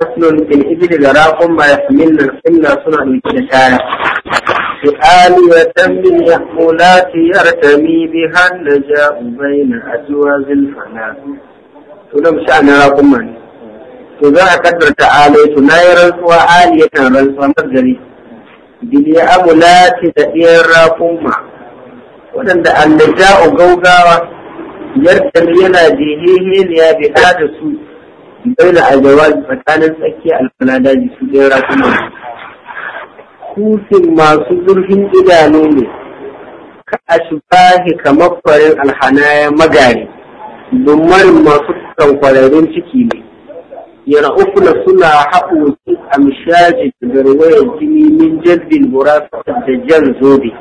faslun fil ibli da raqum ma yahmilna illa suna dauke da kaya سؤال وتم المحمولات يرتمي بها النجاء بين أزواج الفناء تنم شأن راكم من تذا قدر تعالى تناير رزوى آلية رزوى مزري بلي أمولات تأير راكم ودن النجاء قوقاوة يرتمينا دينيهن يا بحاد سوء دولة الجواز فتانا سكي المنادى جسو ديرا كمان خوص ما صدر هم إدانوني كأشباه كمفر الحناية مغاري دمار ما صدر وقررون شكيني يرى أخنا صنع حقوك أمشاج بروية الجني من جلد المرافقة الدجال زودي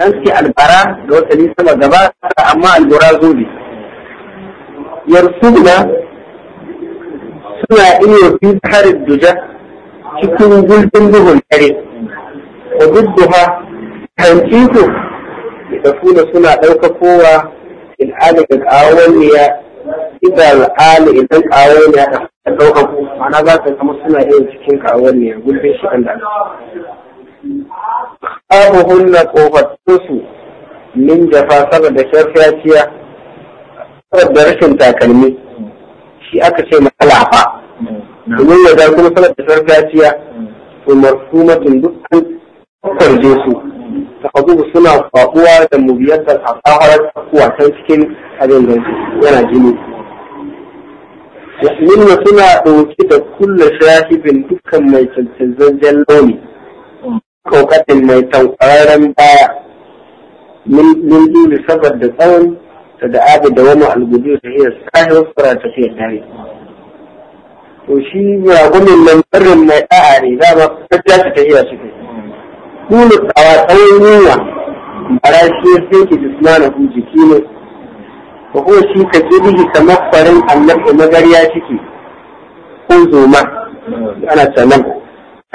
an ce albara da watanni sama gaba amma albura zo ne yarsuna suna iya fi harin duja cikin gulbin duhun dare da dudduha hanci ku da funa suna ɗaukakowa in alika ƙawaniya idan al'ala idan ƙawaniya ta ɗaukako ma'ana za ka zama suna iya cikin ƙawaniya gulbin shi ɗan da abuhunna kofattunsu min jafa saboda kyarfiyaciya saboda rashin takalmi shi aka ce matsalafa domin ya zai kuma saboda kyarfiyaciya to marfumatun dukkan kwarje su ta hagu suna faɗuwa da mubiyatar a tsawarar kuwa can cikin abin da yana jini yasmin suna ɗauke da kulle shafifin dukkan mai cancanzan launi kokatin mai tankwararren baya min sabar saboda tsawon ta da abu da wani algudu da iya tsahin fura tafiya tare to shi ragumin nan tsirin mai ɗa'ari ne za ma tafiya ta tafiya su kai kulu tsawa tsawon yunwa bara shi ya sai ki jismana ku jiki ne ko kuma shi ka bihi kamar mafarin annabi magariya ciki ko zoma ana tsanan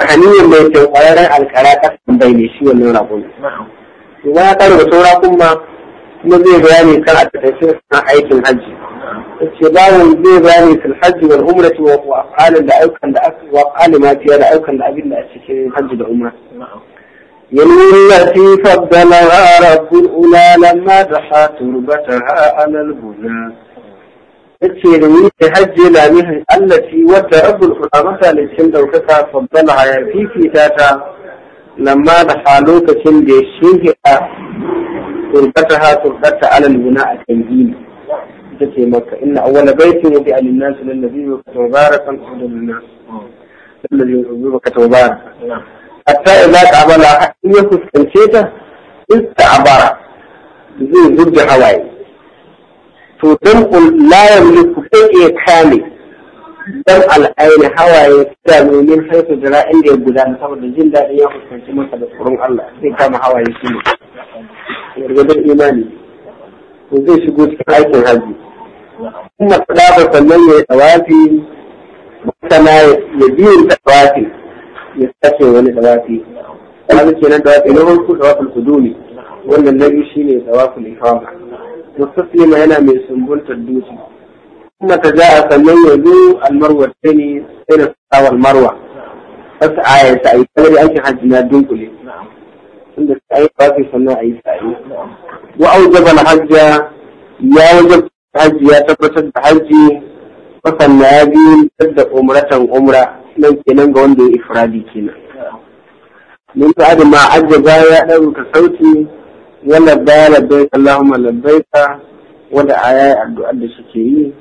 هني اللي توقعنا على كراتك من بينيشي اللي أنا أقول لك أن يقول بصورة كما نزيه بياني كان التفسير في حيث الحج نعم. اتشباه نزيه بياني في الحج والعمرة وأفعال اللي أوكن نعم. التي فضلها رب التيرمي هجي لامه التي وتأبل فرامتا لسن دوكتا فضل على في كتاتا لما دخلوك سن بيشيه تربتها تربت على البناء التنجيل تتي مكة إن أول بيت وضع للناس للذي وكتباركا حد للناس الذي وكتباركا حتى إذا تعبلا حتى يكون استنشيته استعبارا زي زرج حوائي تدم لا يملك شيء ثاني دم العين هوا يسلم من حيث جرى عند الجدار مثلا الجن ده ياخذ كان كما تذكرون الله في كما هوا يسلم يرجد ايماني وزي شو قلت في عيش الهدي إن الصلاه تنمي ثوابي مثلا يدين ثوابي يستحي ولي ثوابي هذا الشيء لا ثواب الهدوء ولا النبي شيء ثواب الاكرام mustaslima yana mai sumbuntar dutse kuma ta ja sannan yanzu zo almarwa ta ne sai da sawa almarwa wasu aya ta yi kalari ake hajji na dunkule tunda ta yi fafi sannan a yi sa'i wa aujabal hajja ya wajab hajji ya tabbatar da hajji wasan na ya biyu da umratan umra nan kenan ga wanda ya ifradi kenan. Mun ta'adu ma ajjaba ya ɗauka sauti ya labba labbai Allahumma da wanda a yayi addu'ar da suke yi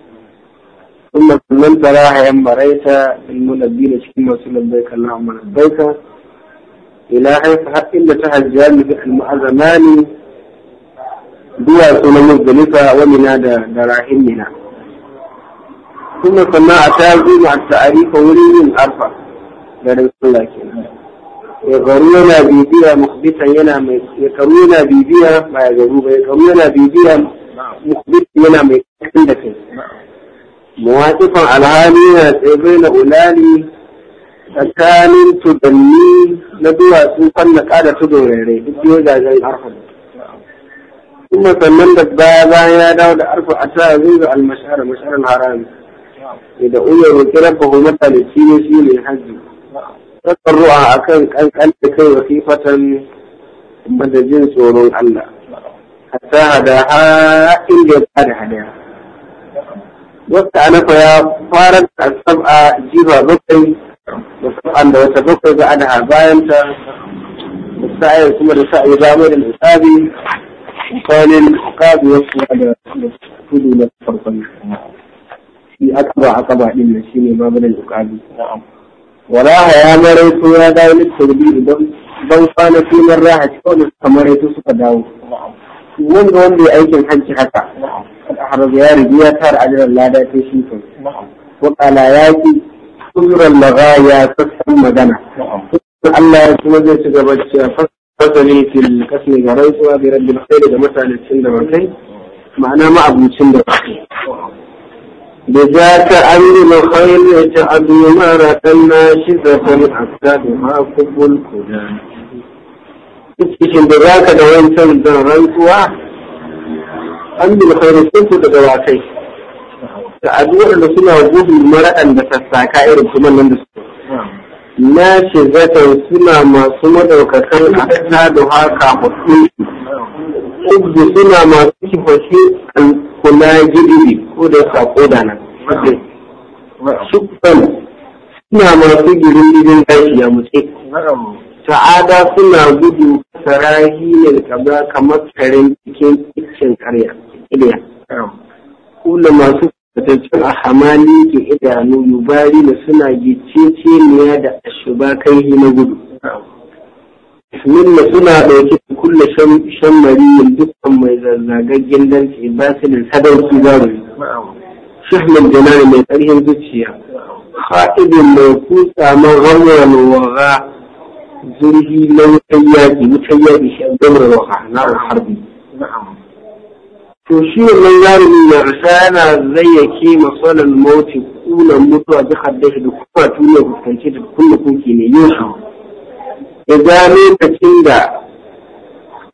kuma sannan tara hayan baraita in biyu da cikin masu labbai ka Allahumma ila haifa har inda ta hajjani bi al-mu'azzamani duwatsu na muzdalifa wa mina da darahin mina kuma sannan a ta zuwa ta'arifa wurin yin arfa garin sun يقرونا بيبيا مخبتا ينا يقرونا بيبيا ما يقرونا يقرونا بيبيا مخبتا ينا ميكتندك مواقفا على هذه سيبين أولاني tsakanin tudanni na duwatsu kan na kada tudo rere duk biyo jajayen arfan kuma sannan da baya bayan ya dawo da arfa a ta zai ga almashara masharar haram da uyo roƙi rabba hulmata da shi ne shi ne hajji تتبرع أكن أن أن تكون رقيقة من الجنس ورو العلا حتى هذا إلا هذا عليها وقت أنا فيا فارد السبعة جيرا ذكي وسبعة دوسة ذكي بعدها بايمتا مستعي ثم رساء يجامل الإسابي وقال الحقاب يصنع لفضل الفرقين في أكبر عقبة للنشين ما بين الحقابي نعم ولا هيامرت يا دائل التدبير don kwana filin raha kawai da suka maraito suka dawo wanda wanda ya aikin hanci haka al'arar ya rigi ya tara ajiyar lada ta shi kai wakala ya ki kuzuran lagaya sassan magana Allah ya kuma zai ci gaba cewa fasali fil kasmi ga rantsuwa bi rabbil khairi da mutanen da makai ma'ana ma'abucin da makai بذاك أمر الخير اجعل إمارة ناشدة حتى بها قب الكلى cikin da za ka da wancan da rantsuwa an bil khairu sun fita da wakai da addu'ar da suna gudu mara'an da sassaka irin kuma nan da su na ce zakan suna masu madaukakan a ta da haka hudu suna masu kifashi kula gidi ko da yasa koda nan sukkan suna masu girin gidan gashi ya mutse ta'ada suna gudu sarahi ne kaza kamar karen cikin cikin karya iliya kula masu fatattun a hamali ke idanu yubari da suna gicece da ashuba kai na gudu bismillah suna ɗauke da kulle shan mariyin dukkan mai zazzagaggen dan ba su da sadauki za shahmin janari mai ƙarfin zuciya ha'idin mai kusa man ramar waga zurgi na wutan yaƙi wutan yaƙi shi an gamar waga na harbi to shi wannan yaron ya rasa yana zayyake masalan mauti kunan mutuwa da haddashi da kuma tuniya fuskance da kulle kuki ne yau idan lokacin da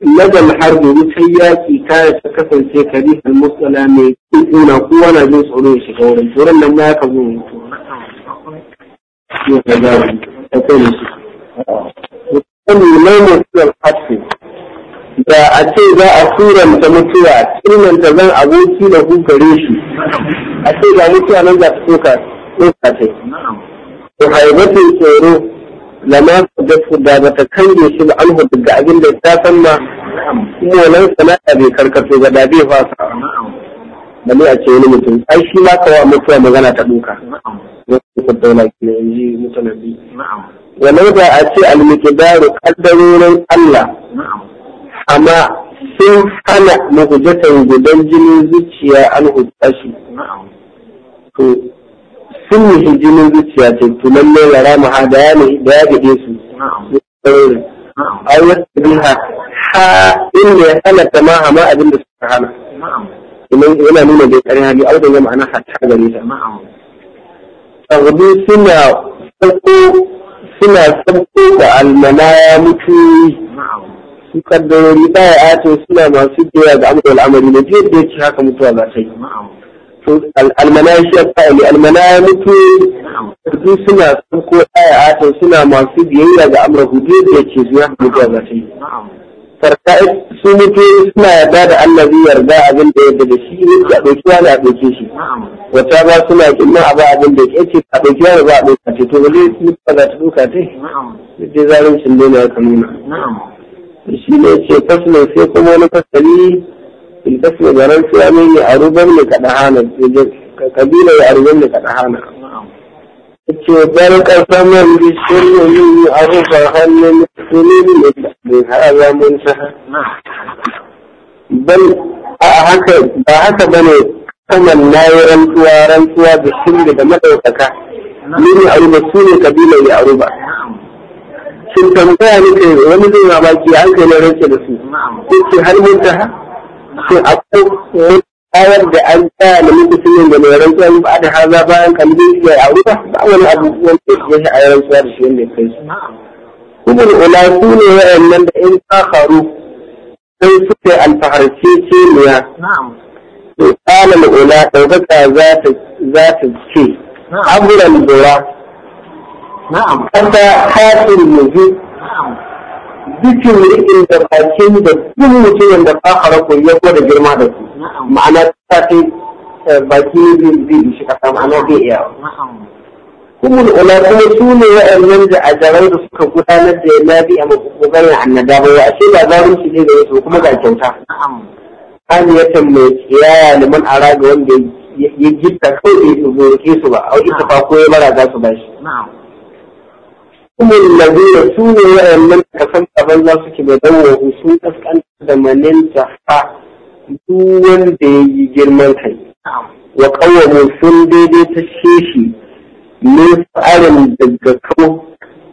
لدى الحرب وحياتي كانت تكفل في كريف المسألة من يكون قوانا جنس علوي شكورا ورن لما يكبون ما يمثل الحرب da a ce za a turanta mutuwa ilmanta zan aboki da ku gare shi a ce ga mutuwa nan za ta soka soka ce ku haibatu tsoro lama da su da ba ta kange shi ba an hudu ga abin da ta san ma kuma nan sana'a bai karkato ga da bai fasa da ne a ce wani mutum ai shi ma kawa mutuwa magana ta duka wani ku daula ke yi mutanabi walau da a ce almikidaru kaddarorin Allah amma sun hana mahujatan gudan jinin zuciya an hujja shi to سمي حجم بسياسة لما يرى معاداني باب إيسو أو يتبيها حا إني أنا تماها ما أدن بسرحانا إني أنا مين بيتريها لي أولا يوم أنا حتى حاجة ليسا تغضي سمع سبقو سمع سبقو المنامك يقدروا رباعات وسمع ما سبقو يدعمل العمل لجيب بيتشاك متوابع سيد almanashiyar fa'ili almanamiki duk suna sun ko ayatan suna masu biyayya ga amra hudu da ke zuwa buga mace farka su mutu suna yarda da Allah zai yarda abin da yarda da shi ne a ɗauki wani a ɗauke shi wata ba suna kimma a ba abin da ya ce a ɗauki wani ba a ɗauka ce to bale su ba za ta ɗauka ce duk dai zalincin dai na ya nuna shi ne ce fasilin sai kuma wani fasali الفصل garan cewa ne mai arubar ne kaɗa hana kabila ya arubar ne kaɗa hana ce bayan ƙarfamar da shirin yin arubar hannun sunini ne da haɗa mun sa bal a haka ba haka ba ne kamar na yi rantsuwa rantsuwa da shirin da maɗaukaka ni ne arubar su ne kabila ya arubar shin tambaya ne wani zai mamaki an kai na rance da su. Sai ce har mun ta shin akwai ayar da an ta da mutum da mai rantsuwa ba da haza bayan kalbi ya aure ba ba wani abu wanda ya shi ayar rantsuwa da shi wanda ya kai shi kuma ula su ne wa'annan da in kafaru sai suke alfaharce ce niya to kalal ula ɗaukaka za ta za ta ce aburan zura na'am kanta hatin yanzu duk wurin da bakin da duk mutumin da kakara ko ya da girma da su ma'ana ta ce baki zai bi shi kasa ma'ana bai iya kuma ula kuma su ne wa'annan da a jaran da suka gudanar da yana bi a makogarin annada ba ya ashe labarin su ne da yasu kuma ga kyauta aniyatan mai tsiyaya liman ara ga wanda ya gitta kawai bai su ba a wani ita ba ko ya mara za su ba shi Umar Lagoya su ne wayan nan da kasan taban za su ke da dawo sun kaskanta da maninta ha duk wanda ya yi girman kai. Wa kawo sun daidai ta sheshi ne tsarin daga kawo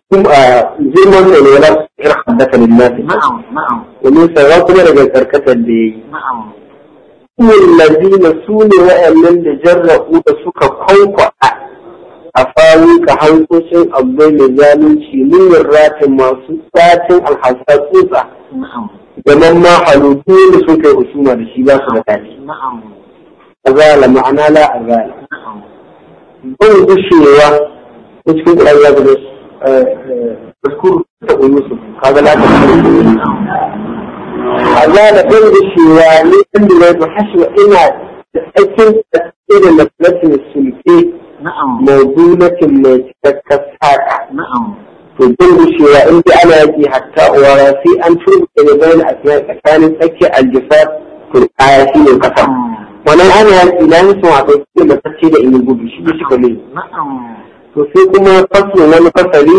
kum a girman da lura su yi haddaka da nasi. Wani sarra kuma daga karkatar da ya yi. Umar Lagoya su suna wayan nan da jarra'u da suka kwankwa afawu ka hankocin abubuwa mai zalunci nuyin ratin masu satin alhassa tsutsa zaman ma halittu da sun kai husuma da shi ba su da tafi azala ma'ana la azala ban gushewa ta cikin ƙwarar ya gaba tsaskuru ta ƙoyi su kaga la ta azala ban gushewa ne ɗan da zai ba hashewa ina da aikin da ke da lafiya sulke نعم موزونة التي تكسرها نعم تدل الشيء انت على يدي حتى وراسي ان تربط بين اثناء كان تكي الجفاف في الآية القسم wannan ana yaki na yin suna kai suke da sacce da ilimin gudu shi shi kale to sai kuma faslin wani fasali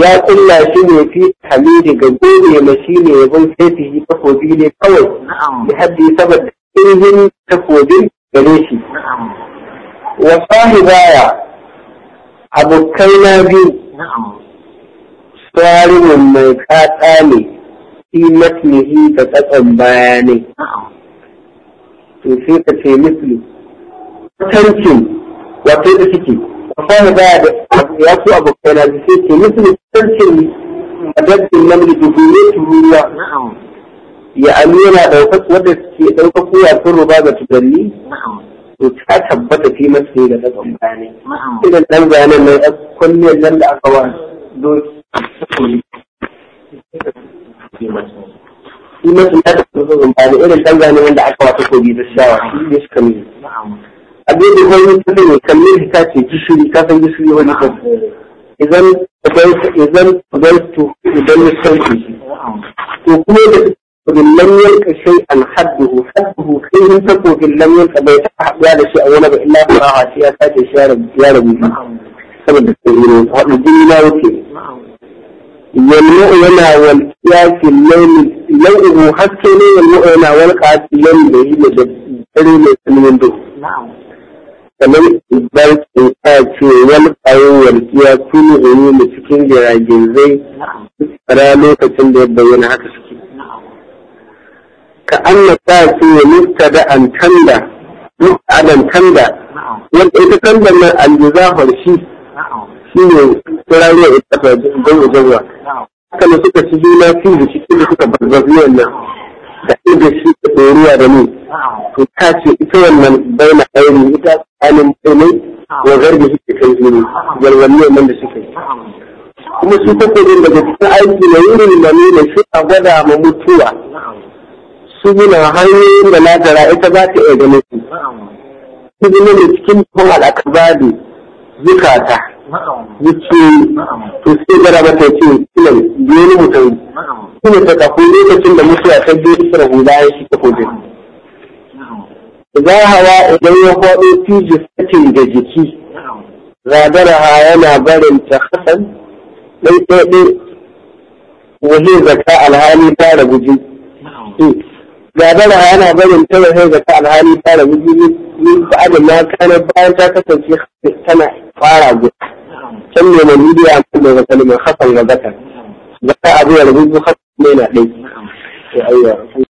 ya kulla shi ne fi kale daga gobe mashi ne ya bai sai fi takobi ne kawai ya haddi saboda ƙirgin takobin gare shi wa sahibaya abokai na biyu sarimin mai kata ne fi matlihi da tsatson baya ne to sai ka ce mutu tankin wato da suke wa sahibaya da ya ku abokai na biyu sai ce misli tankin madaddin namiji da su ruwa ya amina ɗaukar wadda suke ɗaukar kuwa sun ruba ga tudanni to ta tabbata fi masu da tsakon bayanai nan da aka wa doki fi masu fi ya tabbata tsakon irin aka wa takobi da shawa abin da wani ta ne ta ce gishiri ka san gishiri idan idan idan to idan ya وإن لم يلك شيئا حده حده خير تكو إن لم يلك بيتحق هذا شيء أولا بإلا فراها شيئا ساتي شارب شارب سبب السيئين وقال الدنيا وكي والمؤ ينا والكياس الليل لوئه حتى لي والمؤ ينا والكياس الليل لهي لدري من دو kamar bar ta ce wani kayan walkiya tuni ne da cikin jiragen zai tsara ka anna ta ce mubtada an tanda adam tanda wanda ita tanda nan aljiza shi shi ne turarwa ita ta gwamna gwamna haka ne suka ci juna fi da shi da suka barbazuwan nan da inda shi da ɗoriya da ni to ta ce ita wannan bai na aini ita alin tsoni wa garbi shi kai jini garwanniyar nan da suka yi kuma su ta kodin daga cikin aiki na wurin da ne da shi a gwada ma mutuwa gina hanyoyin da nazara ita za ta iya ganin su gina ne cikin kuma al'akabari zukata zuci to sai gara mata ce suna biyu mutum suna ta kafu lokacin da ya ta biyu rahu da ya shi ta kodin hawa idan ya faɗo fiji sakin da jiki ha yana barin ta hasan ɗaiɗaiɗai wajen zaka alhali ta rabu jiki hmm. gagarha yana barin ta da sai zaka alhali fara miji min ba da ma kana bayan ta kasance tana fara gudu can ne mai midiya mai da kalmar hasan wa zakar zaka abu ya rubu hasan ne na dai